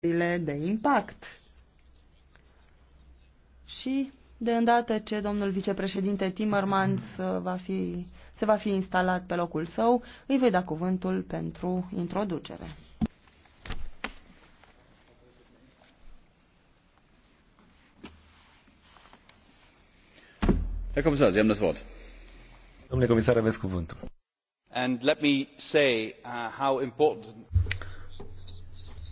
evaluările de impact. Și de îndată ce domnul vicepreședinte Timmermans uh, va fi, se va fi instalat pe locul său, îi voi da cuvântul pentru introducere. Herr Kommissar, Sie haben das Wort. Domnule comisar, aveți cuvântul. And let me say uh, how important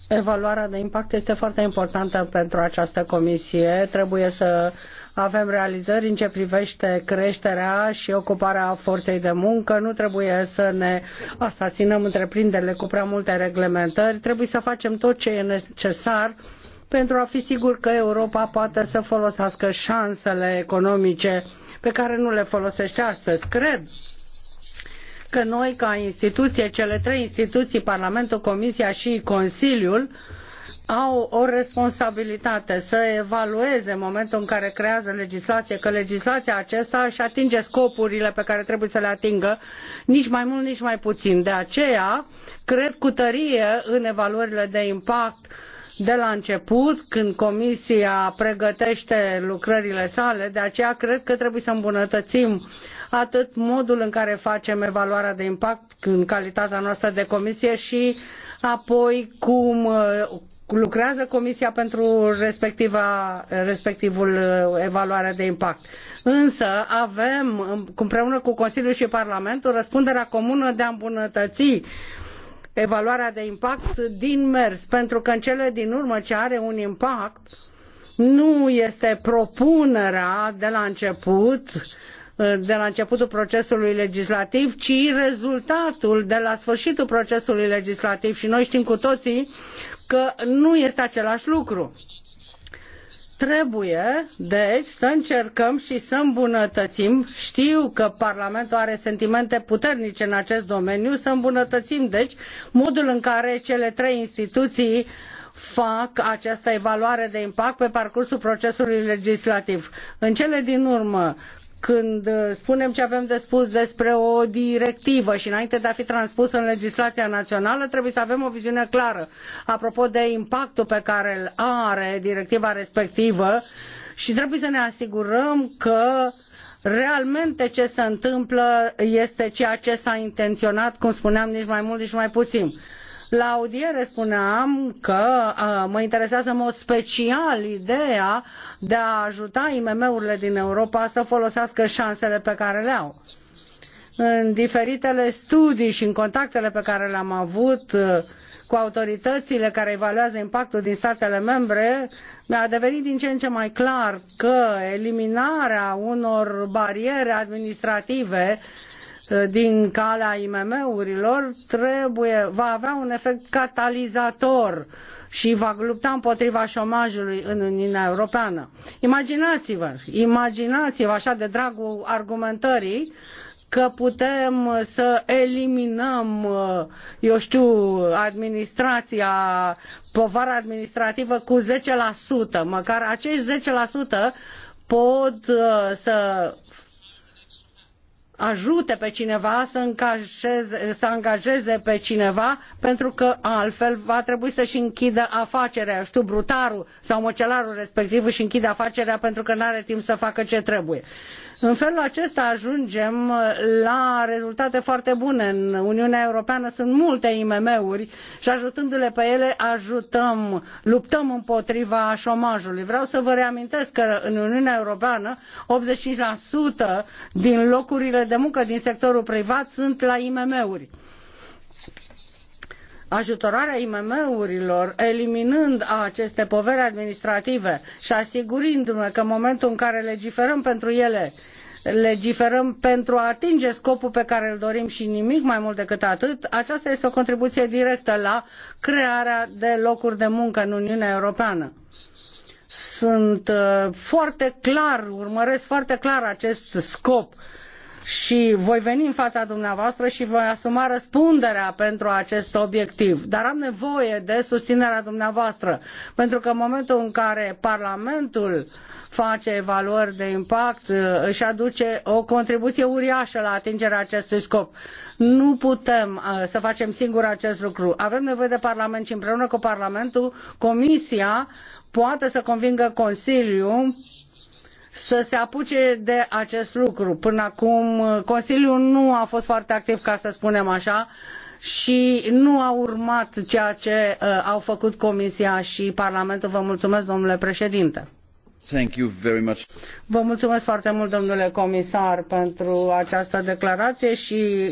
Evaluarea de impact este foarte importantă pentru această comisie. Trebuie să avem realizări în ce privește creșterea și ocuparea forței de muncă. Nu trebuie să ne asasinăm întreprinderile cu prea multe reglementări. Trebuie să facem tot ce e necesar pentru a fi sigur că Europa poate să folosească șansele economice pe care nu le folosește astăzi. Cred că noi ca instituție, cele trei instituții, Parlamentul, Comisia și Consiliul, au o responsabilitate să evalueze în momentul în care creează legislație că legislația aceasta își atinge scopurile pe care trebuie să le atingă, nici mai mult, nici mai puțin. De aceea, cred cu tărie în evaluările de impact de la început, când Comisia pregătește lucrările sale, de aceea cred că trebuie să îmbunătățim uh, atât modul în care facem evaluarea de impact în calitatea noastră de comisie și apoi cum uh, lucrează comisia pentru respectiva, respectivul uh, evaluare de impact. Însă avem, um, împreună cu Consiliul și Parlamentul, răspunderea comună de a îmbunătăți evaluarea de impact din mers, pentru că în cele din urmă ce are un impact nu este propunerea de la început uh, de la începutul procesului legislativ, ci rezultatul de la sfârșitul procesului legislativ și noi știm cu toții că nu este același lucru. Trebuie, deci, să încercăm și să îmbunătățim. Știu că Parlamentul are sentimente puternice în acest domeniu, să îmbunătățim, deci, modul în care cele trei instituții fac această evaluare de impact pe parcursul procesului legislativ. În cele din urmă, când uh, spunem ce avem de spus despre o directivă și înainte de a fi transpusă în legislația națională, trebuie să avem o viziune clară apropo de impactul pe care îl are directiva respectivă uh, și trebuie să ne asigurăm că realmente ce se întâmplă este ceea ce s-a intenționat, cum spuneam, nici mai mult, nici mai puțin. La audiere spuneam că mă interesează în mod special ideea de a ajuta IMM-urile din Europa să folosească șansele pe care le au în diferitele studii și în contactele pe care le-am avut uh, cu autoritățile care evaluează impactul din statele membre, mi a devenit din ce în ce mai clar că eliminarea unor bariere administrative uh, din calea IMM-urilor trebuie, va avea un efect catalizator și va lupta împotriva șomajului în Uniunea Europeană. Imaginați-vă, imaginați-vă așa de dragul argumentării că putem să eliminăm, uh, eu știu, administrația, povara administrativă cu 10%, măcar acești 10% pot uh, să ajute pe cineva să, încajeze, să angajeze pe cineva pentru că altfel va trebui să-și închidă afacerea, știu, brutarul sau măcelarul respectiv își închide afacerea pentru că nu are timp să facă ce trebuie. În felul acesta ajungem la rezultate foarte bune. În Uniunea Europeană sunt multe IMM-uri și ajutându-le pe ele ajutăm, luptăm împotriva șomajului. Vreau să vă reamintesc că în Uniunea Europeană 85% din locurile de muncă din sectorul privat sunt la IMM-uri ajutorarea IMM-urilor, eliminând aceste povere administrative și asigurindu-ne că în momentul în care legiferăm pentru ele, legiferăm pentru a atinge scopul pe care îl dorim și nimic mai mult decât atât, aceasta este o contribuție directă la crearea de locuri de muncă în Uniunea Europeană. Sunt uh, foarte clar, urmăresc foarte clar acest scop uh, și voi veni în fața dumneavoastră și voi asuma răspunderea pentru acest obiectiv. Dar am nevoie de susținerea dumneavoastră, pentru că în momentul în care Parlamentul face evaluări de impact, își aduce o contribuție uriașă la atingerea acestui scop. Nu putem uh, să facem singur acest lucru. Avem nevoie de Parlament și împreună cu Parlamentul, Comisia poate să convingă Consiliul să se apuce de acest lucru. Până acum Consiliul nu a fost foarte activ, ca să spunem așa, și nu a urmat ceea ce uh, au făcut Comisia și Parlamentul. Vă mulțumesc, domnule președinte. Vă mulțumesc foarte mult, domnule comisar, pentru această declarație și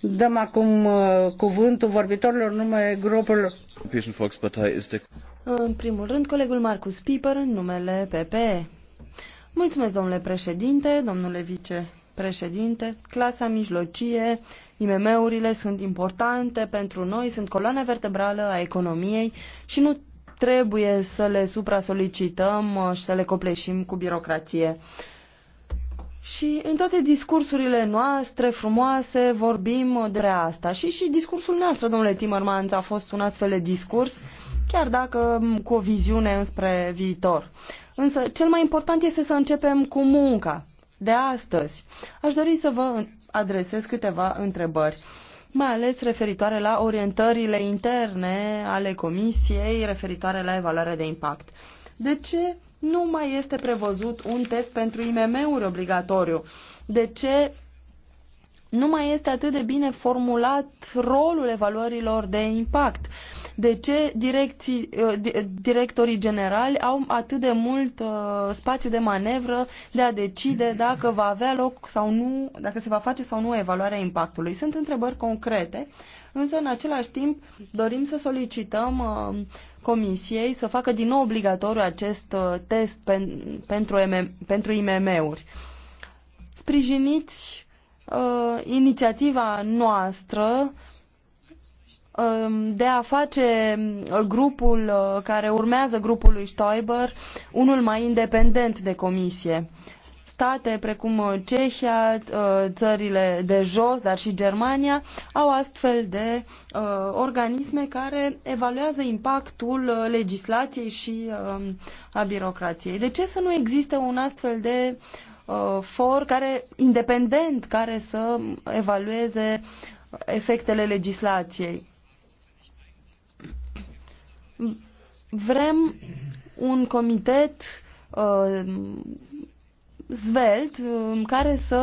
dăm acum uh, cuvântul vorbitorilor nume grupului. În primul rând, colegul Marcus Piper în numele PPE. Mulțumesc, domnule președinte, domnule vicepreședinte. Clasa mijlocie, IMM-urile sunt importante pentru noi, sunt coloana vertebrală a economiei și nu trebuie să le supra-solicităm uh, și să le copleșim cu birocrație. Și în toate discursurile noastre frumoase vorbim de asta. Și și discursul nostru, domnule Timmermans, a fost un astfel de discurs, chiar dacă mm, cu o viziune înspre viitor. Însă cel mai important este să începem cu munca de astăzi. Aș dori să vă adresez câteva întrebări, mai ales referitoare la orientările interne ale Comisiei, referitoare la evaluarea de impact. De ce nu mai este prevăzut un test pentru IMM-uri obligatoriu? De ce nu mai este atât de bine formulat rolul evaluărilor de impact? Uh, de ce direcții, uh, directorii generali au atât de mult uh, spațiu de manevră de a decide dacă va avea loc sau nu, dacă se va face sau nu evaluarea impactului. Sunt întrebări concrete, însă în același timp dorim să solicităm uh, Comisiei să facă din nou obligatoriu acest test pen, pentru, pentru IMM-uri. Sprijiniți uh, inițiativa noastră Um, de a face uh, grupul uh, care urmează grupului Stoiber unul mai independent de comisie. State precum uh, Cehia, țările de jos, dar și Germania au astfel de organisme care evaluează impactul legislației și um, a birocrației. De ce să nu existe un astfel de for care independent care să evalueze efectele legislației? Vrem un comitet uh, zvelt care să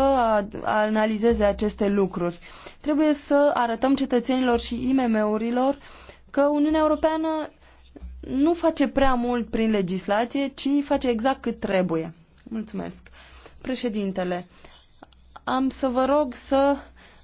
analizeze aceste lucruri. Trebuie să arătăm cetățenilor și IMM-urilor că Uniunea Europeană nu face prea mult prin legislație, ci face exact cât trebuie. Mulțumesc. Președintele, am să vă rog să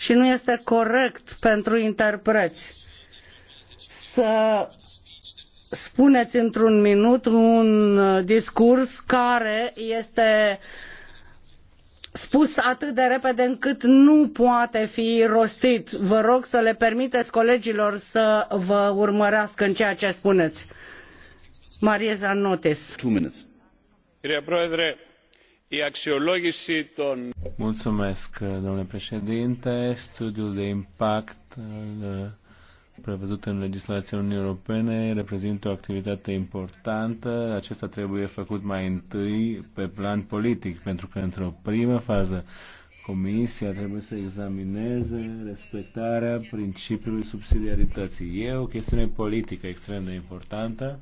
și nu este corect pentru interpreți să spuneți într-un minut un discurs care este spus atât de repede încât nu poate fi rostit. Vă rog să le permiteți colegilor să vă urmărească în ceea ce spuneți. Marie Zanotis. Two minutes domnule președinte. Studiul de impact uh, prevăzut în legislația Uniunii Europene reprezintă o activitate importantă. Acesta trebuie făcut mai întâi pe plan politic, pentru că într-o primă fază Comisia trebuie să examineze respectarea principiului subsidiarității. E o chestiune politică extrem de importantă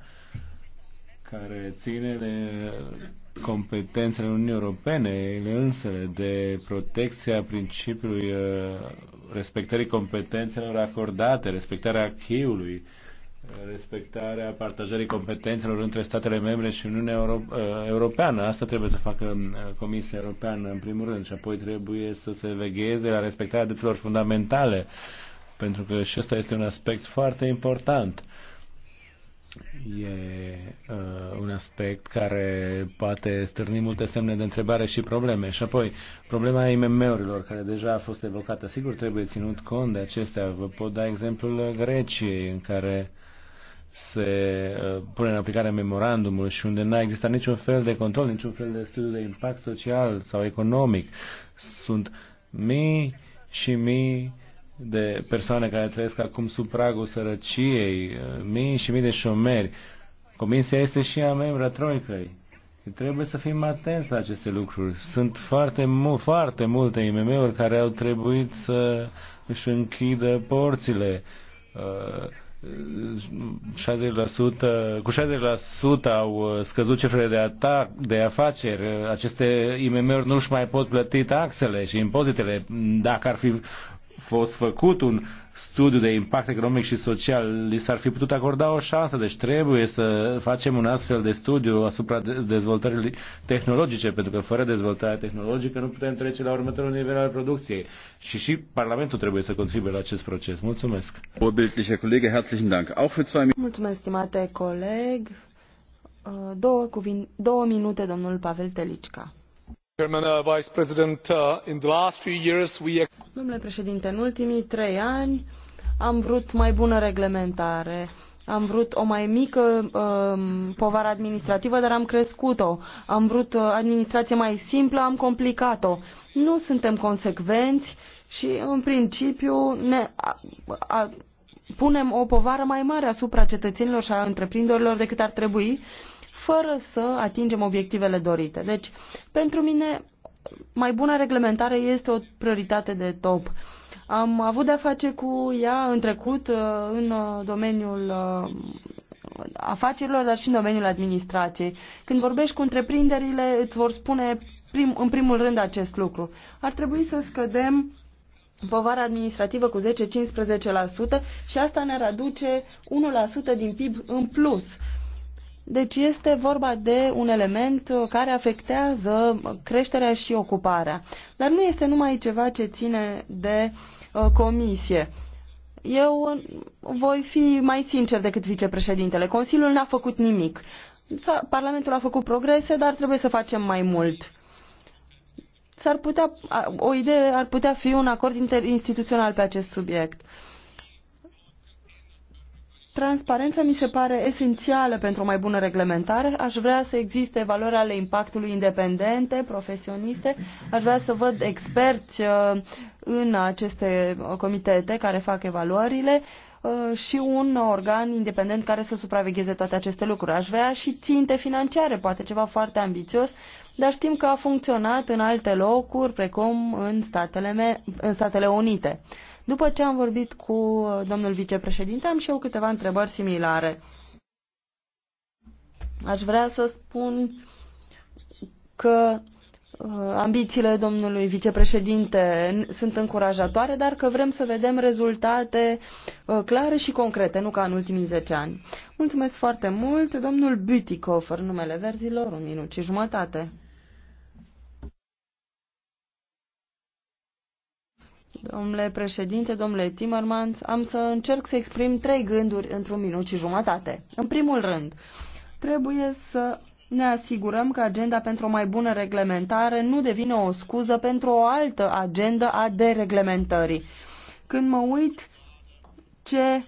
care ține de competențele Uniunii Europene, ele însele, de protecția principiului uh, respectării competențelor acordate, respectarea acheiului, uh, respectarea partajării competențelor între statele membre și Uniunea Euro uh, Europeană. Asta trebuie să facă Comisia Europeană în primul rând și apoi trebuie să se vegheze la respectarea drepturilor fundamentale, pentru că și ăsta este un aspect foarte important e uh, un aspect care poate stârni multe semne de întrebare și probleme. Și apoi, problema IMM-urilor, care deja a fost evocată, sigur trebuie ținut cont de acestea. Vă pot da exemplul Greciei, în care se uh, pune în aplicare memorandumul și unde n-a existat niciun fel de control, niciun fel de studiu de impact social sau economic. Sunt mii și mii de persoane care trăiesc acum sub pragul sărăciei, mii și mii de șomeri. Comisia este și a membra Troicăi. Trebuie să fim atenți la aceste lucruri. Sunt foarte, mu- foarte multe IMM-uri care au trebuit să își închidă porțile. Uh, 60%, cu 60% au uh, scăzut cifrele de, atac, de afaceri. Aceste IMM-uri nu își mai pot plăti taxele și impozitele. Dacă ar fi fost făcut un studiu de impact economic și social, li s-ar fi putut acorda o șansă. Deci trebuie să facem un astfel de studiu asupra dezvoltării tehnologice, pentru că fără dezvoltare tehnologică nu putem trece la următorul nivel al producției. Și și Parlamentul trebuie să contribuie la acest proces. Mulțumesc! Mulțumesc, stimate coleg! Două, cuvin- două minute, domnul Pavel Telicca domnule președinte în ultimii trei ani am vrut mai bună reglementare am vrut o mai mică um, povară administrativă dar am crescut o am vrut o uh, administrație mai simplă am complicat o nu suntem consecvenți și în principiu ne a, a, punem o povară mai mare asupra cetățenilor și a întreprinderilor decât ar trebui și fără să atingem obiectivele dorite. Deci, pentru mine, mai bună reglementare este o prioritate de top. Am avut de-a face cu ea în trecut uh, în uh, domeniul uh, afacerilor, dar și în domeniul administrației. Când vorbești cu întreprinderile, îți vor spune prim, în primul rând acest lucru. Ar trebui să scădem povara administrativă cu 10-15% și asta ne-ar aduce 1% din PIB în plus. Deci este vorba de un element care afectează creșterea și ocuparea. Dar nu este numai ceva ce ține de uh, comisie. Eu uh, voi fi mai sincer decât vicepreședintele. Consiliul n-a făcut nimic. Parlamentul a făcut progrese, dar trebuie să facem mai mult. S-ar putea, o idee ar putea fi un acord interinstituțional pe acest subiect. Uh, Transparența mi se pare esențială pentru o mai bună reglementare. Aș vrea să existe valori ale impactului independente, profesioniste. Aș vrea să văd experți uh, în aceste comitete care fac evaluările uh, și un organ independent care să supravegheze toate aceste lucruri. Aș vrea și ținte financiare, poate ceva foarte ambițios, dar știm că a funcționat în alte locuri, precum în Statele, în Statele Unite. După ce am vorbit cu domnul vicepreședinte, am și eu câteva întrebări similare. Aș vrea să spun că uh, ambițiile domnului vicepreședinte sunt încurajatoare, dar că vrem să vedem rezultate uh, clare și concrete, nu ca în ultimii 10 ani. Mulțumesc foarte mult, domnul Butikofer, numele verzilor, un minut și jumătate. Domnule președinte, domnule Timmermans, am să încerc să exprim trei gânduri într-un minut și jumătate. În primul rând, trebuie să ne asigurăm că agenda pentru o mai bună reglementare nu devine o scuză pentru o altă agendă a dereglementării. Când mă uit ce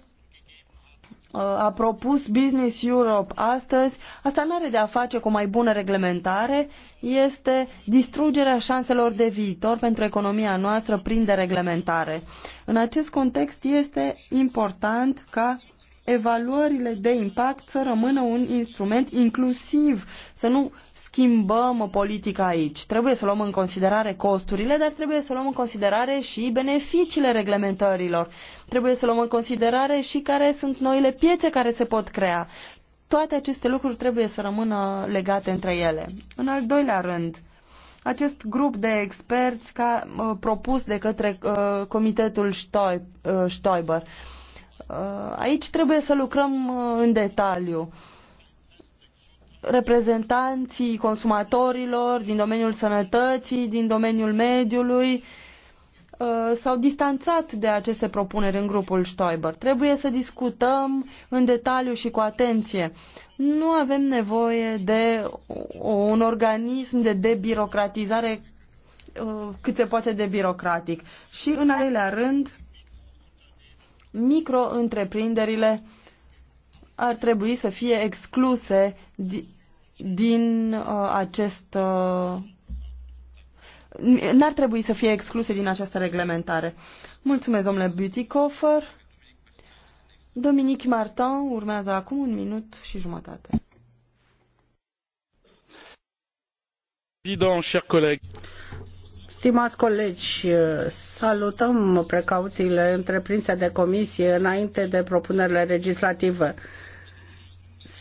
a propus Business Europe astăzi, asta nu are de a face cu mai bună reglementare, este distrugerea șanselor de viitor pentru economia noastră prin dereglementare. În acest context este important ca evaluările de impact să rămână un instrument inclusiv, să nu schimbăm politica aici. Trebuie să luăm în considerare costurile, dar trebuie să luăm în considerare și beneficiile reglementărilor. Trebuie să luăm în considerare și care sunt noile piețe care se pot crea. Toate aceste lucruri trebuie să rămână legate între ele. În al doilea rând, acest grup de experți ca, uh, propus de către uh, Comitetul uh, Stoiber. Uh, uh, aici trebuie să lucrăm uh, în detaliu. Uh, reprezentanții consumatorilor din domeniul sănătății, din domeniul mediului, uh, s-au distanțat de aceste propuneri în grupul Stoiber. Trebuie să discutăm în detaliu și cu atenție. Nu avem nevoie de un organism de debirocratizare uh, cât se poate de birocratic. Și în al doilea rând, micro-întreprinderile ar trebui să fie excluse din uh, acest. Uh, n-ar trebui să fie excluse din această reglementare. Mulțumesc, domnule Butikofer. Dominic Martin urmează acum un minut și jumătate. Stimați colegi, salutăm precauțiile întreprinse de comisie înainte de propunerile legislative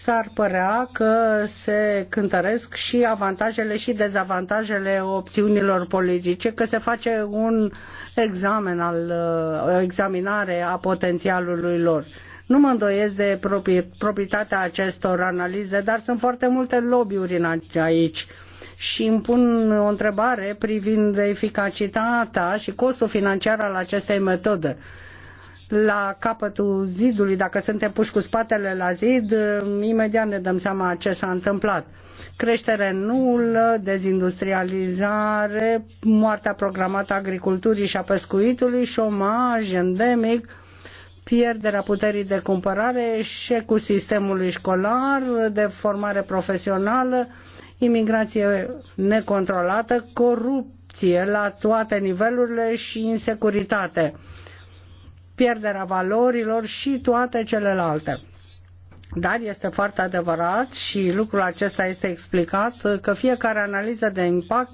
s-ar părea că se cântăresc și avantajele și dezavantajele opțiunilor politice, că se face un examen al, uh, o examinare a potențialului lor. Nu mă îndoiesc de proprietatea acestor analize, dar sunt foarte multe lobby-uri aici și îmi pun o întrebare privind eficacitatea și costul financiar al acestei metode la capătul zidului, dacă suntem puși cu spatele la zid, imediat ne dăm seama ce s-a întâmplat. Creștere nulă, dezindustrializare, moartea programată a agriculturii și a pescuitului, șomaj endemic, pierderea puterii de cumpărare, eșecul sistemului școlar, de formare profesională, imigrație necontrolată, corupție la toate nivelurile și insecuritate pierderea valorilor și toate celelalte. Dar este foarte adevărat și lucrul acesta este explicat că fiecare analiză de impact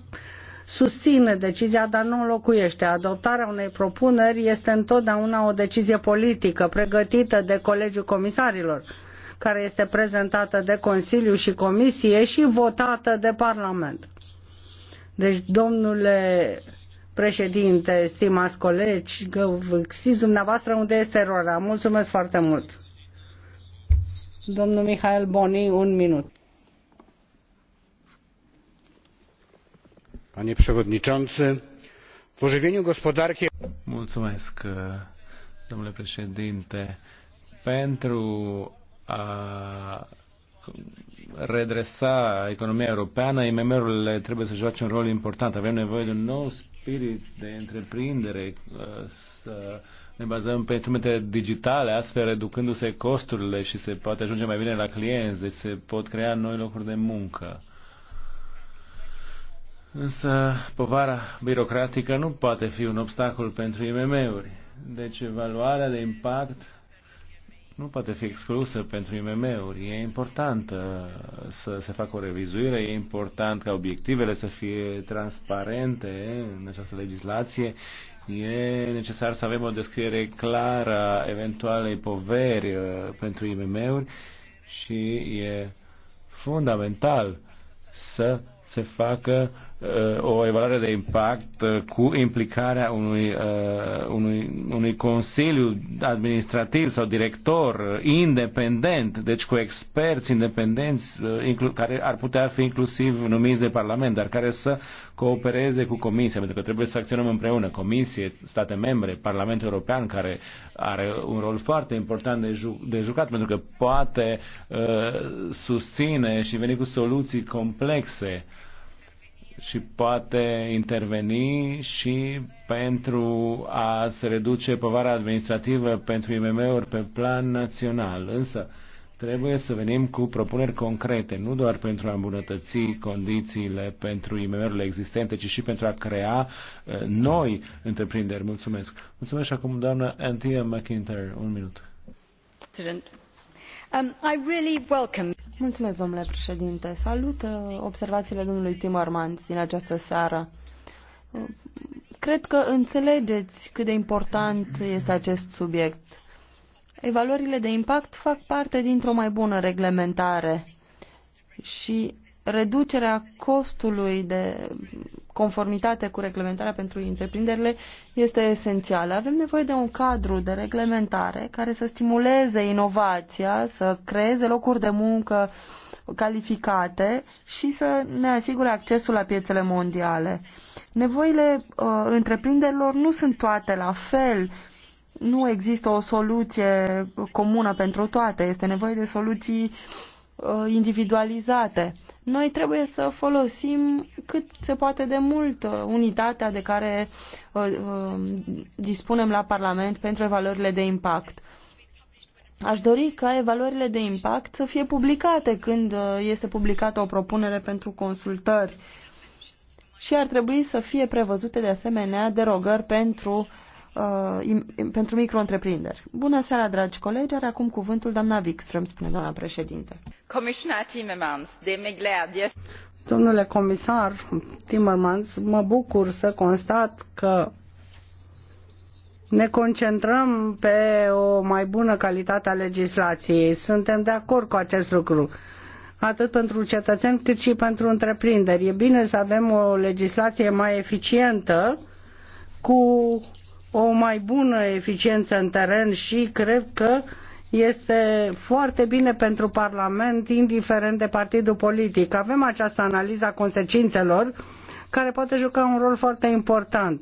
susține decizia, dar nu locuiește. Adoptarea unei propuneri este întotdeauna o decizie politică pregătită de Colegiul Comisarilor, care este prezentată de Consiliu și Comisie și votată de Parlament. Deci, domnule președinte, stimați colegi, găsiți dumneavoastră unde este eroarea. Mulțumesc foarte mult. Domnul Mihail Boni, un minut. Panie przewodniczący, w ożywieniu gospodarki... Mulțumesc, domnule președinte. Pentru a redresa economia europeană, IMM-urile trebuie să joace un rol important. Avem nevoie de un nou spirit spirit de întreprindere, uh, să ne bazăm pe instrumente digitale, astfel reducându-se costurile și se poate ajunge mai bine la clienți, deci se pot crea noi locuri de muncă. Însă povara birocratică nu poate fi un obstacol pentru IMM-uri. Deci evaluarea de impact nu poate fi exclusă pentru IMM-uri. E important uh, să se facă o revizuire, e important ca obiectivele să fie transparente în această legislație, e necesar să avem o descriere clară a eventualei poveri uh, pentru IMM-uri și e fundamental să se facă Uh, o evaluare de impact uh, cu implicarea unui, uh, unui, unui consiliu administrativ sau director independent, deci cu experți independenți care ar putea fi inclusiv numiți de Parlament, dar care să coopereze cu Comisia, pentru că trebuie să acționăm împreună, Comisie, state membre, Parlamentul European, care are un rol foarte important de, ju- de jucat, pentru că poate uh, susține și veni cu soluții complexe uh, și poate interveni și pentru a se reduce povara administrativă pentru IMM-uri pe plan național. Însă, trebuie să venim cu propuneri concrete, nu doar pentru a îmbunătăți condițiile pentru IMM-urile existente, ci și pentru a crea uh, noi întreprinderi. Mulțumesc. Mulțumesc și acum, doamna Antia McIntyre. Un minut. Um, I really welcome Mulțumesc, domnule președinte. Salut uh, observațiile domnului Timmermans din această seară. Cred că înțelegeți cât de important este acest subiect. Evaluările de impact fac parte dintr-o mai bună reglementare și reducerea costului de conformitate cu reglementarea pentru întreprinderile este esențială. Avem nevoie de un cadru de reglementare care să stimuleze inovația, să creeze locuri de muncă calificate și să ne asigure accesul la piețele mondiale. Nevoile uh, întreprinderilor nu sunt toate la fel. Nu există o soluție comună pentru toate. Este nevoie de soluții uh, Uh, individualizate. Noi trebuie să folosim cât se poate de mult uh, unitatea de care uh, dispunem la Parlament pentru evaluările de impact. Aș dori ca evaluările de impact să fie publicate când este publicată o propunere pentru consultări și ar trebui să fie prevăzute de asemenea derogări pentru Uh, pentru micro-întreprinderi. Bună seara, dragi colegi, are acum cuvântul doamna Wikström, spune doamna președinte. Timmermans, de Domnule comisar Timmermans, mă bucur să constat că ne concentrăm pe o mai bună calitate a legislației. Suntem de acord cu acest lucru atât pentru cetățeni cât și pentru întreprinderi. E bine să avem o legislație mai eficientă cu o mai bună eficiență în teren și cred că este foarte bine pentru Parlament, indiferent de partidul politic. Avem această analiză a consecințelor care poate juca un rol foarte important.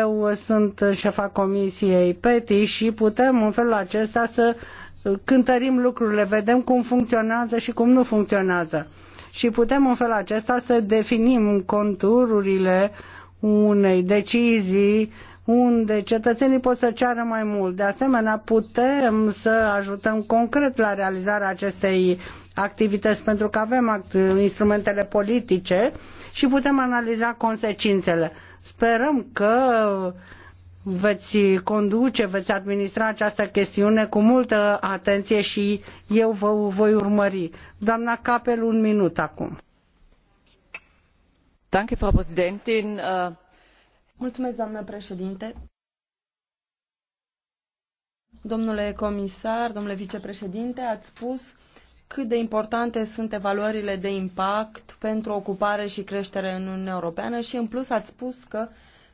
Eu sunt șefa Comisiei PETI și putem în felul acesta să cântărim lucrurile, vedem cum funcționează și cum nu funcționează. Și putem în felul acesta să definim contururile unei decizii unde cetățenii pot să ceară mai mult. De asemenea, putem să ajutăm concret la realizarea acestei activități pentru că avem instrumentele politice și putem analiza consecințele. Sperăm că veți conduce, veți administra această chestiune cu multă atenție și eu vă voi urmări. Doamna Capel, un minut acum. Danke, Frau Präsidentin. Äh, Mulțumesc, doamnă președinte. Domnule comisar, domnule vicepreședinte, ați spus cât de importante sunt evaluările de impact pentru ocupare și creștere în Uniunea Europeană și în plus ați spus că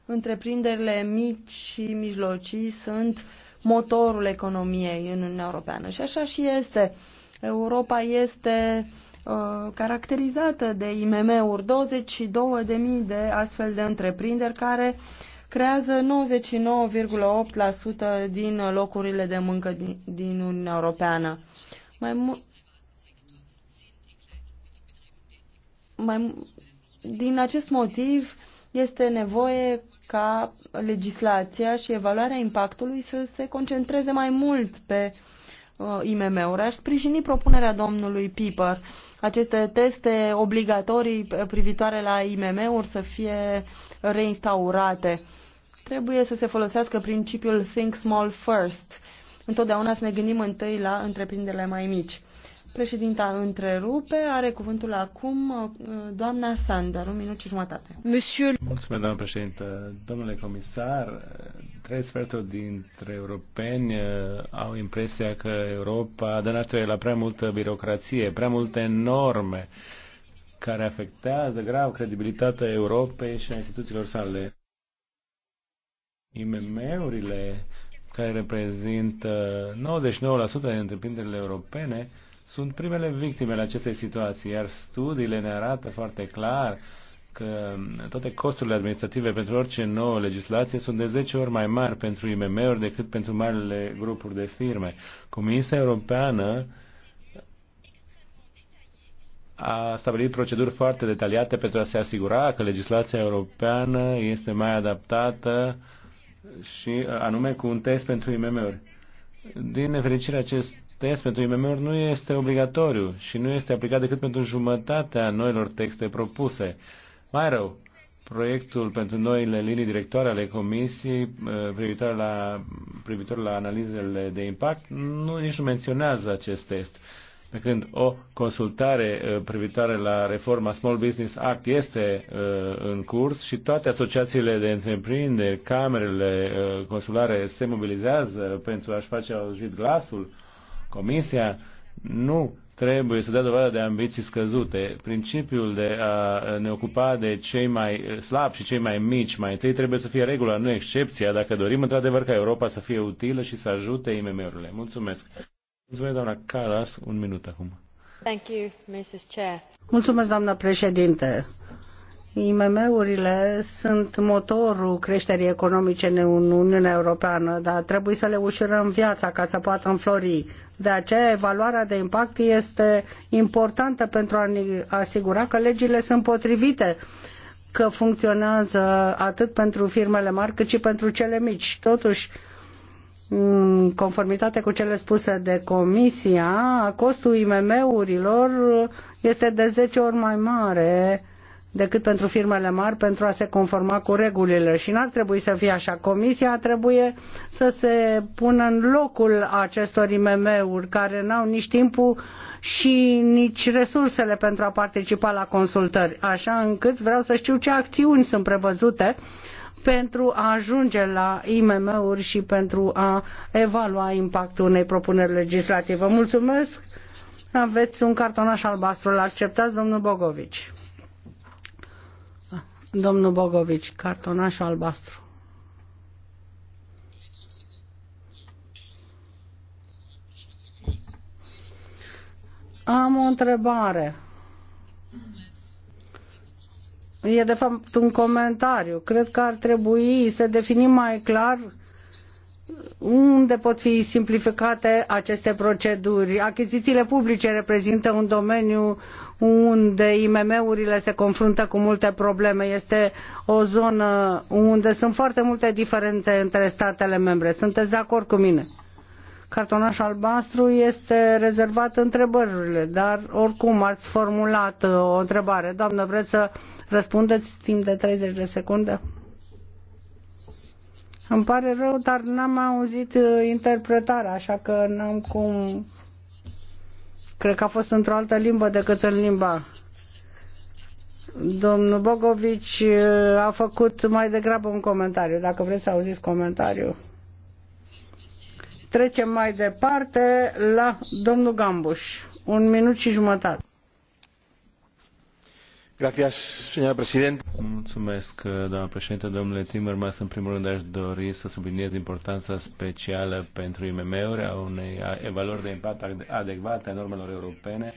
întreprinderile mici și mijlocii sunt motorul economiei în Uniunea Europeană. Și așa și este. Europa este Uh, caracterizată de IMM-uri, 22.000 de astfel de întreprinderi care creează 99,8% din locurile de muncă din, din Uniunea Europeană. Mai mai, din acest motiv este nevoie ca legislația și evaluarea impactului să se concentreze mai mult pe uh, IMM-uri. Aș sprijini propunerea domnului Piper. Uh, aceste teste obligatorii privitoare la IMM-uri să fie reinstaurate. Trebuie să se folosească principiul Think Small First. Întotdeauna să ne gândim întâi la întreprinderile mai mici. Președinta întrerupe, are cuvântul acum uh, doamna Sander, un minut și jumătate. Monsieur... Mulțumesc, doamna președintă. Domnule comisar, trei sferturi dintre europeni uh, au impresia că Europa dă naștere la prea multă birocrație, prea multe norme care afectează grav credibilitatea Europei și a instituțiilor sale. IMM-urile care reprezintă 99% din întreprinderile europene, sunt primele victime ale acestei situații, iar studiile ne arată foarte clar că toate costurile administrative pentru orice nouă legislație sunt de 10 ori mai mari pentru IMM-uri decât pentru marile grupuri de firme. Comisia Europeană a stabilit proceduri foarte detaliate pentru a se asigura că legislația europeană este mai adaptată și anume cu un test pentru IMM-uri. Din nefericire, acest TES pentru imm nu este obligatoriu și nu este aplicat decât pentru jumătatea noilor texte propuse. Mai rău, proiectul pentru noile linii directoare ale Comisiei eh, privitor la, privitor la analizele de impact nu, nici nu menționează acest test. Pe când o consultare eh, privitoare la reforma Small Business Act este eh, în curs și toate asociațiile de întreprinderi, camerele consulare se mobilizează pentru a-și face auzit glasul, Comisia nu trebuie să dea dovadă de ambiții scăzute. Principiul de a ne ocupa de cei mai slabi și cei mai mici mai întâi trebuie să fie regula, nu excepția, dacă dorim într-adevăr ca Europa să fie utilă și să ajute IMM-urile. Mulțumesc. Mulțumesc, doamna Caras. Un minut acum. Thank you, Mrs. Chair. Mulțumesc, doamna președinte. IMM-urile sunt motorul creșterii economice în Uniunea Europeană, dar trebuie să le ușurăm viața ca să poată înflori. De aceea, evaluarea de impact este importantă pentru a ne asigura că legile sunt potrivite, că funcționează atât pentru firmele mari cât și pentru cele mici. Totuși, în conformitate cu cele spuse de Comisia, costul IMM-urilor este de 10 ori mai mare decât pentru firmele mari pentru a se conforma cu regulile și n-ar trebui să fie așa. Comisia trebuie să se pună în locul acestor IMM-uri care n-au nici timpul și nici resursele pentru a participa la consultări, așa încât vreau să știu ce acțiuni sunt prevăzute pentru a ajunge la IMM-uri și pentru a evalua impactul unei propuneri legislative. Mulțumesc! Aveți un cartonaș albastru, l-acceptați, domnul Bogovici. Domnul Bogovici, cartonaș albastru. Am o întrebare. E de fapt un comentariu. Cred că ar trebui să definim mai clar unde pot fi simplificate aceste proceduri. Achizițiile publice reprezintă un domeniu unde IMM-urile se confruntă cu multe probleme. Este o zonă unde sunt foarte multe diferențe între statele membre. Sunteți de acord cu mine? Cartonașul albastru este rezervat întrebările, dar oricum ați formulat uh, o întrebare. Doamnă, vreți să răspundeți timp de 30 de secunde? Îmi pare rău, dar n-am auzit uh, interpretarea, așa că n-am cum Cred că a fost într-o altă limbă decât în limba. Domnul Bogovici a făcut mai degrabă un comentariu, dacă vreți să auziți comentariu Trecem mai departe la domnul Gambuș. Un minut și jumătate. Mulțumesc, doamnă președinte. Domnule Timmermans, în primul rând aș dori să subliniez importanța specială pentru IMM-uri a unei evaluări de impact adecvate a normelor europene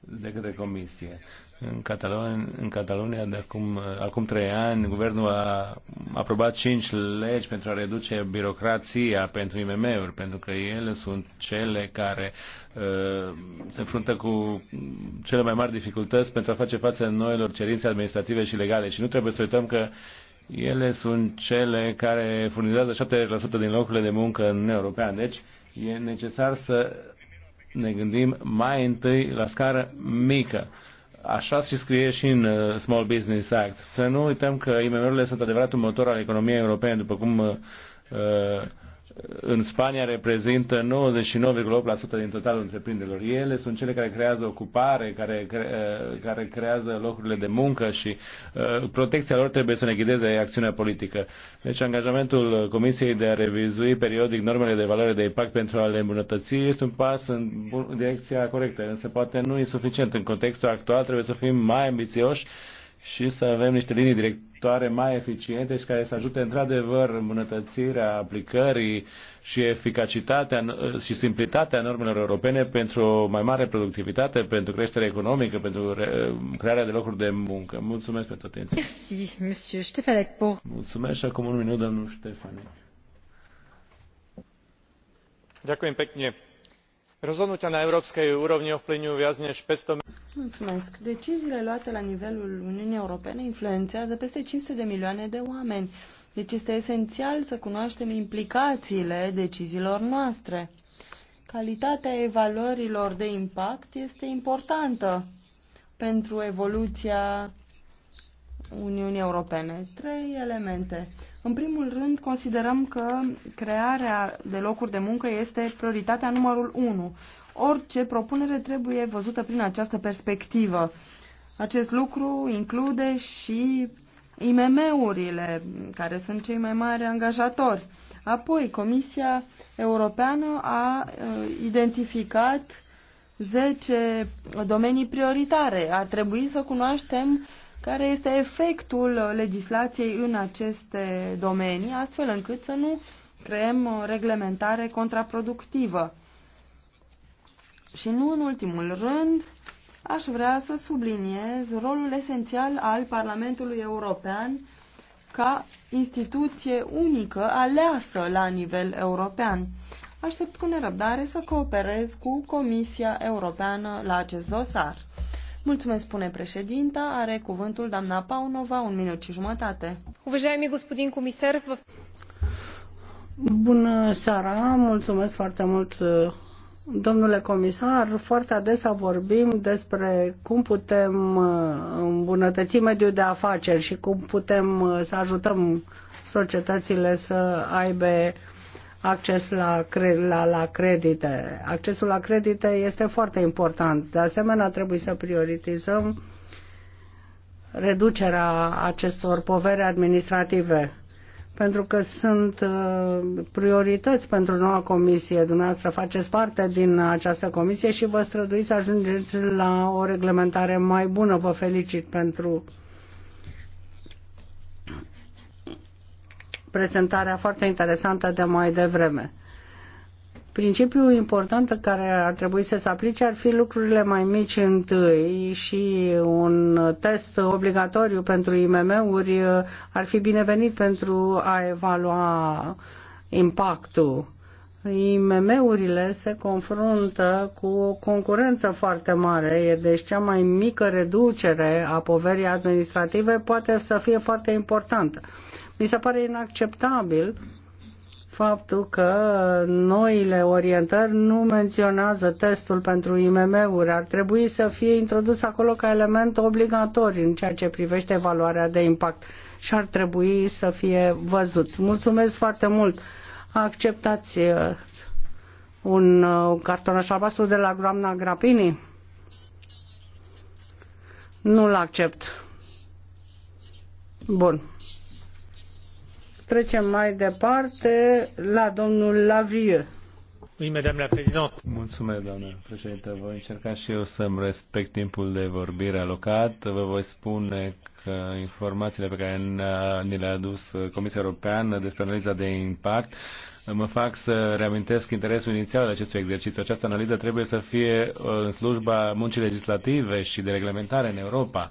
de către Comisie. În, Catalon, în Catalonia, de acum, acum trei ani, guvernul a aprobat cinci legi pentru a reduce birocrația pentru IMM-uri, pentru că ele sunt cele care uh, se înfruntă cu cele mai mari dificultăți pentru a face față noilor cerințe administrative și legale. Și nu trebuie să uităm că ele sunt cele care furnizează 7% din locurile de muncă în Europeană. Deci e necesar să ne gândim mai întâi la scară mică Așa și scrie și în uh, Small Business Act. Să nu uităm că IMM-urile sunt adevăratul motor al economiei europene, după cum uh, uh în Spania reprezintă 99,8% din totalul întreprinderilor. Ele sunt cele care creează ocupare, care, cre, uh, care creează locurile de muncă și uh, protecția lor trebuie să ne ghideze acțiunea politică. Deci angajamentul Comisiei de a revizui periodic normele de valoare de impact pentru a le îmbunătăți este un pas în direcția corectă, însă poate nu e suficient. În contextul actual trebuie să fim mai ambițioși și să avem niște linii directoare mai eficiente și care să ajute într-adevăr îmbunătățirea aplicării și eficacitatea și simplitatea normelor europene pentru o mai mare productivitate, pentru creștere economică, pentru crearea de locuri de muncă. Mulțumesc pentru atenție. Merci, monsieur Ștefanec. Mulțumesc și acum un minut, domnul Ștefanec. Ďakujem pekne rozhodnutia na európskej úrovni ovplyvňujú viac než five hundred. deciziile luate la nivelul uniunii europene influențează peste cinci sute de milioane de oameni deci este esențial să cunoaștem implicațiile deciziilor noastre. Calitatea evaluărilor de impact este importantă pentru evoluția Uniunii Europene. Trei elemente. În primul rând, considerăm că crearea de locuri de muncă este prioritatea numărul 1. Orice propunere trebuie văzută prin această perspectivă. Acest lucru include și IMM-urile, care sunt cei mai mari angajatori. Apoi, Comisia Europeană a uh, identificat 10 domenii prioritare. Ar trebui să cunoaștem care este efectul legislației în aceste domenii, astfel încât să nu creăm reglementare contraproductivă. Și nu în ultimul rând, aș vrea să subliniez rolul esențial al Parlamentului European ca instituție unică aleasă la nivel european. Aștept cu nerăbdare să cooperez cu Comisia Europeană la acest dosar. Mulțumesc, spune președinta. Are cuvântul doamna Paunova, un minut și jumătate. gospodin comisar, vă... Bună seara, mulțumesc foarte mult, domnule comisar. Foarte adesea vorbim despre cum putem uh, îmbunătăți mediul de afaceri și cum putem uh, să ajutăm societățile să aibă acces la, cre- la, la credite. Accesul la credite este foarte important. De asemenea, trebuie să prioritizăm reducerea acestor povere administrative, pentru că sunt uh, priorități pentru noua comisie. Dumneavoastră faceți parte din această comisie și vă străduiți să ajungeți la o reglementare mai bună. Vă felicit pentru prezentarea foarte interesantă de mai devreme. Principiul important care ar trebui să se aplice ar fi lucrurile mai mici întâi și un test obligatoriu pentru IMM-uri ar fi binevenit pentru a evalua impactul. IMM-urile se confruntă cu o concurență foarte mare, deci cea mai mică reducere a poverii administrative poate să fie foarte importantă. Mi se pare inacceptabil faptul că noile orientări nu menționează testul pentru IMM-uri. Ar trebui să fie introdus acolo ca element obligatoriu în ceea ce privește evaluarea de impact și ar trebui să fie văzut. Mulțumesc foarte mult! Acceptați uh, un uh, cartonaș albastru de la doamna Grapini? Nu-l accept. Bun. Trecem mai departe la domnul Lavrieux. Oui, madame la présidente. Mulțumesc, doamnă președinte. Voi încerca și eu să-mi respect timpul de vorbire alocat. Vă voi spune că informațiile pe care ni le-a adus Comisia Europeană despre analiza de impact mă fac să reamintesc interesul inițial al acestui exercițiu. Această analiză trebuie să fie uh, în slujba muncii legislative și de reglementare în Europa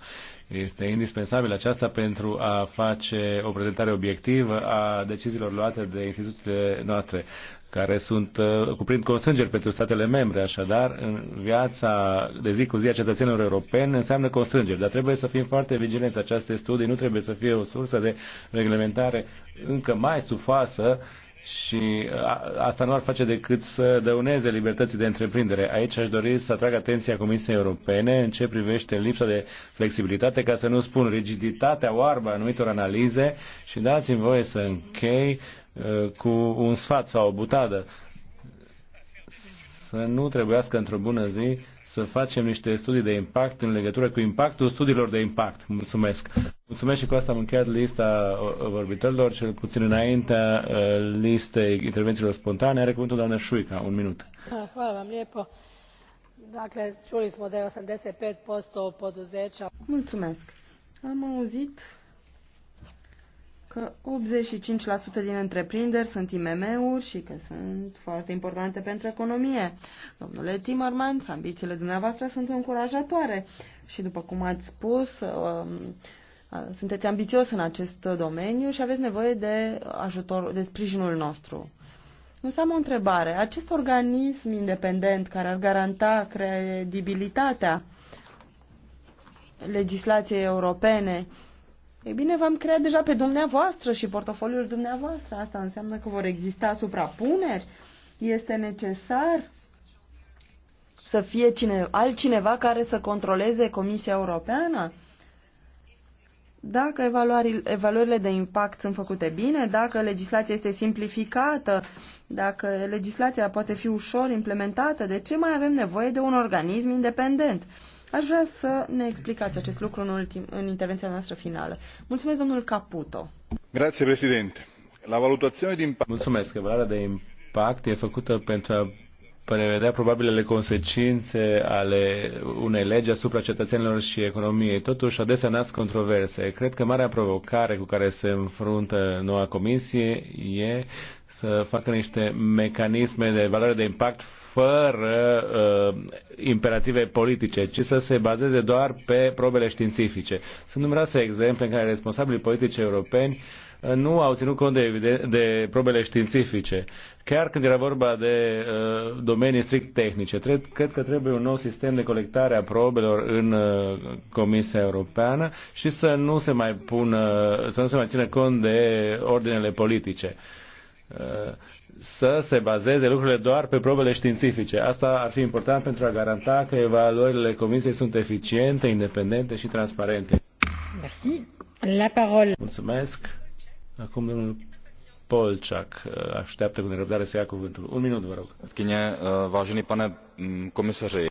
este indispensabil aceasta pentru a face o prezentare obiectivă a deciziilor luate de instituțiile noastre care sunt uh, cuprind constrângeri pentru statele membre, așadar în viața de zi cu zi a cetățenilor europeni înseamnă constrângeri, dar trebuie să fim foarte vigilenți. Aceste studii nu trebuie să fie o sursă de reglementare încă mai stufoasă și asta nu ar face decât să dăuneze libertății de întreprindere. Aici aș dori să atrag atenția Comisiei Europene în ce privește lipsa de flexibilitate, ca să nu spun rigiditatea oarbă anumitor analize și dați-mi voie să închei uh, cu un sfat sau o butadă. Să nu trebuiască într-o bună zi să facem niște studii de impact în legătură cu impactul studiilor de impact. Mulțumesc! Mulțumesc și cu asta am încheiat lista uh, vorbitorilor, cel puțin înaintea uh, listei intervențiilor spontane. Are cuvântul doamna Șuica, un minut. Ah, da Mulțumesc. Am auzit că 85% din întreprinderi sunt IMM-uri și că sunt foarte importante pentru economie. Domnule Timmermans, ambițiile dumneavoastră sunt încurajatoare și, după cum ați spus, um, sunteți ambițios în acest domeniu și aveți nevoie de ajutor, de sprijinul nostru. Însă am o întrebare. Acest organism independent care ar garanta credibilitatea legislației europene ei bine, v-am creat deja pe dumneavoastră și portofoliul dumneavoastră. Asta înseamnă că vor exista suprapuneri. Este necesar să fie cine, altcineva care să controleze Comisia Europeană? Dacă evaluările de impact sunt făcute bine, dacă legislația este simplificată, dacă legislația poate fi ușor implementată, de ce mai avem nevoie de un organism independent? Aș vrea să ne explicați acest lucru în, ultim, în intervenția noastră finală. Mulțumesc, domnul Caputo. Grazie, președinte. La valutazione din... impact... Mulțumesc. Evaluarea de impact e făcută pentru a prevedea probabilele consecințe ale unei legi asupra cetățenilor și economiei. Totuși, adesea nați controverse. Cred că marea provocare cu care se înfruntă noua comisie e să facă niște mecanisme de valoare de impact fără uh, imperative politice, ci să se bazeze doar pe probele științifice. Sunt numeroase exemple în care responsabilii politici europeni uh, nu au ținut cont de, de probele științifice. Chiar când era vorba de uh, domenii strict tehnice, tre- cred că trebuie un nou sistem de colectare a probelor în uh, Comisia Europeană și să nu se mai pună, să nu se mai țină cont de ordinele politice. Uh, Uh, să se bazeze lucrurile doar pe probele științifice. Asta ar fi important pentru a garanta că evaluările comisiei sunt eficiente, independente și transparente. Merci. La parole. Mulțumesc. Acum domnul Polčak uh, așteaptă cu nerăbdare să ia cuvântul. Un minut, vă rog. Chine, uh, vážený pane mm, comisare.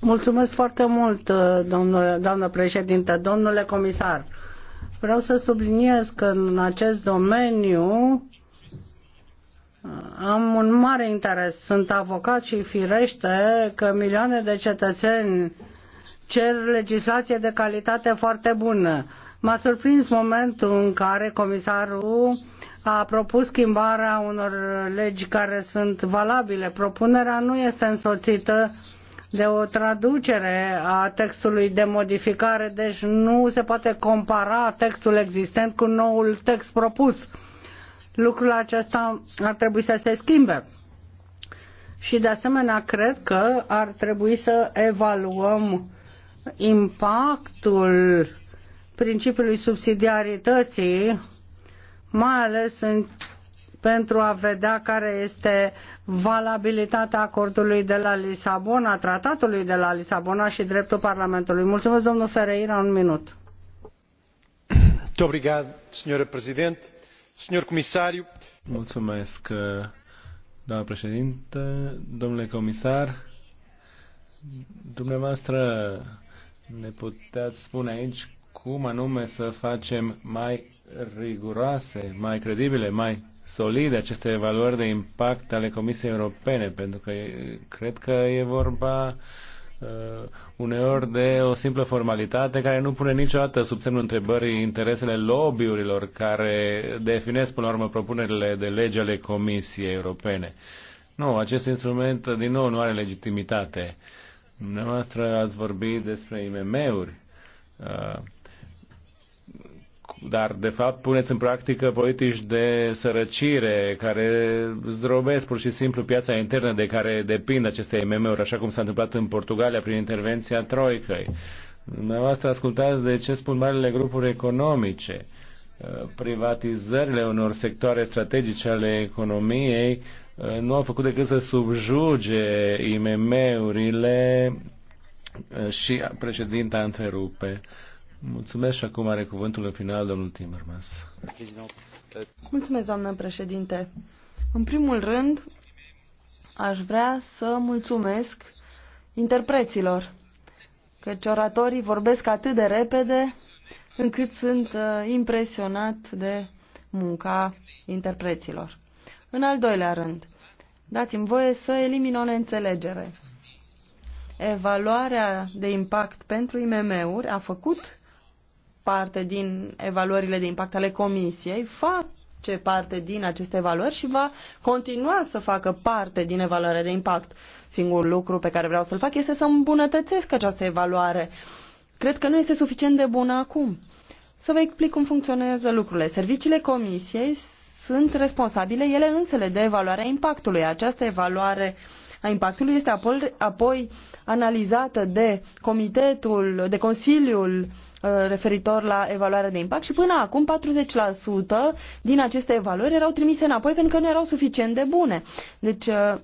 Mulțumesc foarte mult, domnule, doamnă președinte, domnule comisar. Vreau să subliniez că în acest domeniu am un mare interes. Sunt avocat și firește că milioane de cetățeni cer legislație de calitate foarte bună. M-a surprins momentul în care comisarul a propus schimbarea unor legi care sunt valabile. Propunerea nu este însoțită de o traducere a textului de modificare, deci nu se poate compara textul existent cu noul text propus Lucrul acesta ar trebui să se schimbe. Și de asemenea, cred că ar trebui să evaluăm impactul principiului subsidiarității, mai ales în, pentru a vedea care este valabilitatea acordului de la Lisabona, tratatului de la Lisabona și dreptul Parlamentului. Mulțumesc, domnul Ferreira, un minut. Obrigado, senhora Presidente. Domnule Comissário. Eh, doamnă președintă, domnule comisar. Dumneavoastră ne puteți spune aici cum anume să facem mai riguroase, mai credibile, mai solide aceste evaluări de impact ale Comisiei Europene, pentru că cred că e vorba Uh, uneori de o simplă formalitate care nu pune niciodată sub semnul întrebării interesele lobbyurilor care definesc până la urmă propunerile de lege ale Comisiei Europene. Nu, acest instrument din nou nu are legitimitate. Dumneavoastră ați vorbit despre IMM-uri. Uh, dar de fapt puneți în practică politici de sărăcire care zdrobesc pur și simplu piața internă de care depind aceste MM-uri, așa cum s-a întâmplat în Portugalia prin intervenția Troicăi. Dumneavoastră ascultați de ce spun marile grupuri economice. Privatizările unor sectoare strategice ale economiei uh, nu au făcut decât să subjuge IMM-urile uh, și președinta întrerupe. Mulțumesc și acum are cuvântul în final domnul Timmermans. Mulțumesc, doamnă președinte. În primul rând, aș vrea să mulțumesc interpreților, căci oratorii vorbesc atât de repede încât sunt uh, impresionat de munca interpreților. În al doilea rând, dați-mi voie să elimin o neînțelegere. Evaluarea de impact pentru IMM-uri a făcut parte din evaluările de impact ale Comisiei, face parte din aceste evaluări și va continua să facă parte din evaluarea de impact. Singurul lucru pe care vreau să-l fac este să îmbunătățesc această evaluare. Cred că nu este suficient de bună acum. Să vă explic cum funcționează lucrurile. Serviciile Comisiei sunt responsabile ele însele de evaluarea impactului. Această evaluare a impactului este apoi, apoi analizată de comitetul, de Consiliul Uh, referitor la evaluarea de impact și până acum 40% din aceste evaluări erau trimise înapoi pentru că nu erau suficient de bune. Deci uh,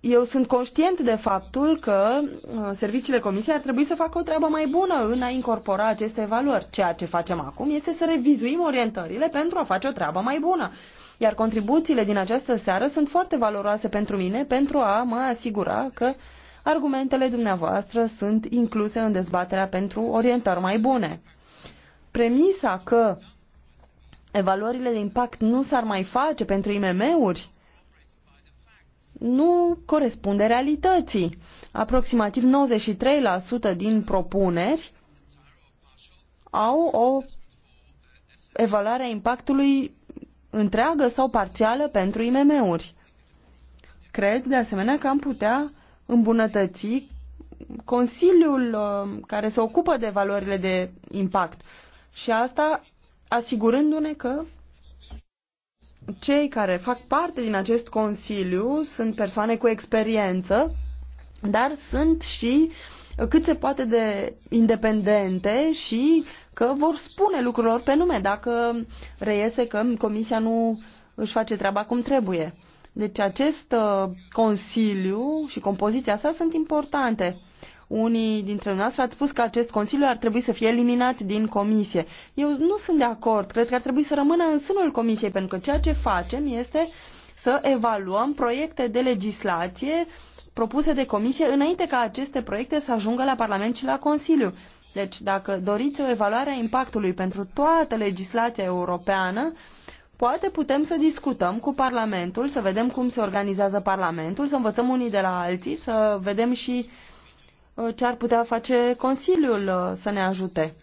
eu sunt conștient de faptul că uh, serviciile comisiei ar trebui să facă o treabă mai bună în a incorpora aceste evaluări. Ceea ce facem acum este să revizuim orientările pentru a face o treabă mai bună. Iar contribuțiile din această seară sunt foarte valoroase pentru mine pentru a mă asigura că uh, argumentele dumneavoastră sunt incluse în dezbaterea pentru orientări mai bune. Premisa că evaluările de impact nu s-ar mai face pentru IMM-uri nu corespunde realității. Aproximativ 93% din propuneri au o evaluare a impactului întreagă sau parțială pentru IMM-uri. Cred, de asemenea, că am putea îmbunătăți Consiliul uh, care se ocupă de valorile de impact și asta asigurându-ne că cei care fac parte din acest Consiliu sunt persoane cu experiență, dar sunt și cât se poate de independente și că vor spune lucrurilor pe nume dacă reiese că Comisia nu își face treaba cum trebuie. Deci acest uh, Consiliu și compoziția sa sunt importante. Unii dintre noastre ați spus că acest Consiliu ar trebui să fie eliminat din Comisie. Eu nu sunt de acord. Cred că ar trebui să rămână în sânul Comisiei, pentru că ceea ce facem este să evaluăm proiecte de legislație propuse de Comisie înainte ca aceste proiecte să ajungă la Parlament și la Consiliu. Deci, dacă doriți o evaluare a impactului pentru toată legislația europeană, poate putem să discutăm cu Parlamentul, să vedem cum se organizează Parlamentul, să învățăm unii de la alții, să vedem și uh, ce ar putea face Consiliul uh, să ne ajute.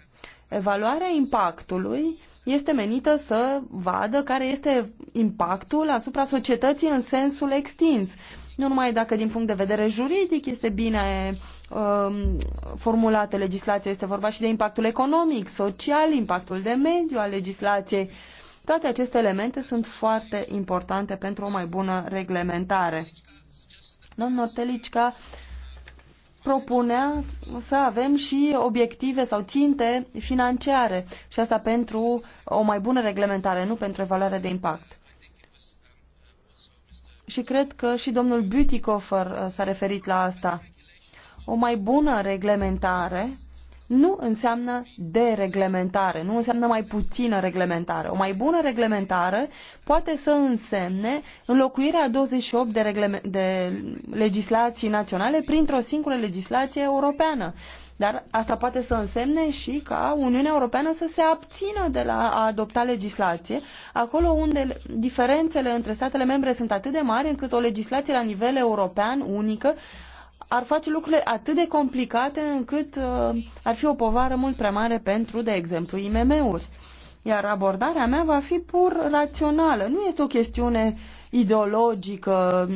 Evaluarea impactului este menită să vadă care este impactul asupra societății în sensul extins. Nu numai dacă din punct de vedere juridic este bine um, formulată legislația, este vorba și de impactul economic, social, impactul de mediu al legislației. Uh, toate aceste elemente sunt foarte importante pentru o mai bună reglementare. Domnul Telicica propunea să avem și obiective sau ținte financiare și asta pentru o mai bună reglementare, nu pentru evaluare de impact. Și cred că și domnul Butikofer uh, s-a referit la asta. O mai bună reglementare nu înseamnă dereglementare, nu înseamnă mai puțină reglementare. O mai bună reglementare poate să însemne înlocuirea 28 de, de legislații naționale printr-o singură legislație europeană. Dar asta poate să însemne și ca Uniunea Europeană să se abțină de la a adopta legislație, acolo unde diferențele între statele membre sunt atât de mari încât o legislație la nivel european unică ar face lucrurile atât de complicate încât uh, ar fi o povară mult prea mare pentru, de exemplu, IMM-uri. Iar abordarea mea va fi pur rațională. Nu este o chestiune ideologică,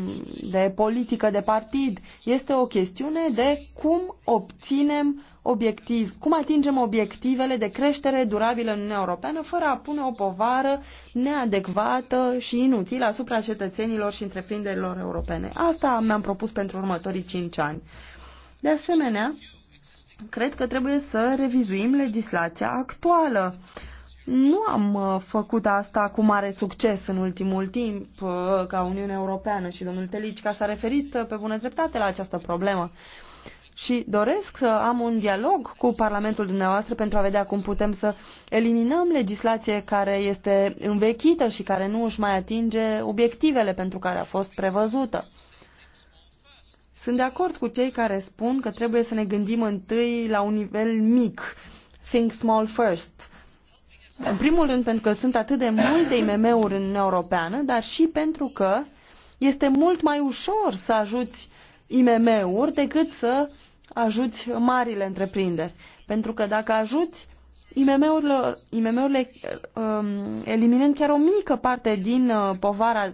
de politică, de partid. Este o chestiune de cum obținem obiectiv, cum atingem obiectivele de creștere durabilă în Uniunea Europeană fără a pune o povară neadecvată și inutilă asupra cetățenilor și întreprinderilor europene. Asta mi-am propus pentru următorii cinci ani. De asemenea, cred că trebuie să revizuim legislația actuală nu am uh, făcut asta cu mare succes în ultimul timp uh, ca Uniunea Europeană și domnul ca s-a referit uh, pe bună dreptate la această problemă. Și doresc să am un dialog cu Parlamentul dumneavoastră pentru a vedea cum putem să eliminăm legislație care este învechită și care nu își mai atinge obiectivele pentru care a fost prevăzută. Sunt de acord cu cei care spun că trebuie să ne gândim întâi la un nivel mic, think small first, în primul rând pentru că sunt atât de multe IMM-uri în Uniunea Europeană, dar și pentru că este mult mai ușor să ajuți IMM-uri decât să ajuți marile întreprinderi. Pentru că dacă ajuți IMM-urile, IMM-urile um, eliminând chiar o mică parte din uh, povara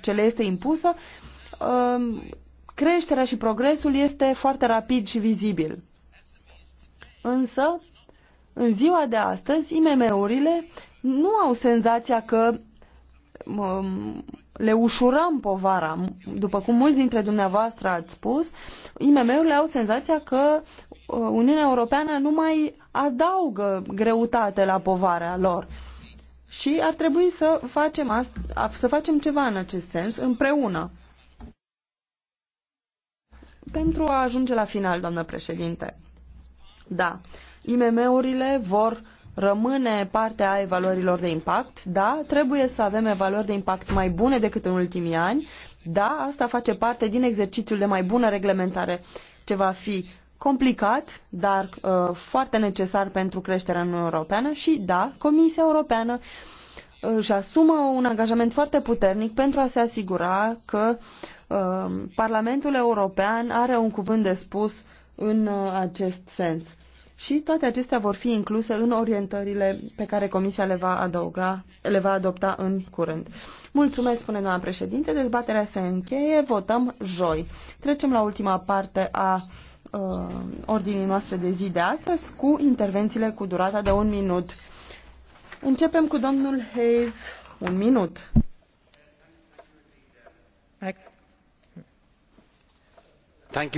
ce le este impusă, um, creșterea și progresul este foarte rapid și vizibil. Însă, în ziua de astăzi, IMM-urile nu au senzația că um, le ușurăm povara. După cum mulți dintre dumneavoastră ați spus, IMM-urile au senzația că uh, Uniunea Europeană nu mai adaugă greutate la povara lor. Și ar trebui să facem, să facem ceva în acest sens împreună. Pentru a ajunge la final, doamnă președinte. Da. IMM-urile vor rămâne parte a evaluărilor de impact, da, trebuie să avem evaluări de impact mai bune decât în ultimii ani, da, asta face parte din exercițiul de mai bună reglementare ce va fi complicat, dar uh, foarte necesar pentru creșterea în Europeană și, da, Comisia Europeană uh, își asumă un angajament foarte puternic pentru a se asigura că uh, Parlamentul European are un cuvânt de spus în uh, acest sens. Și toate acestea vor fi incluse în orientările pe care Comisia le va, adăuga, le va adopta în curând. Mulțumesc, spune doamna președinte. Dezbaterea se încheie. Votăm joi. Trecem la ultima parte a uh, ordinii noastre de zi de astăzi cu intervențiile cu durata de un minut. Începem cu domnul Hayes. Un minut. Thank you.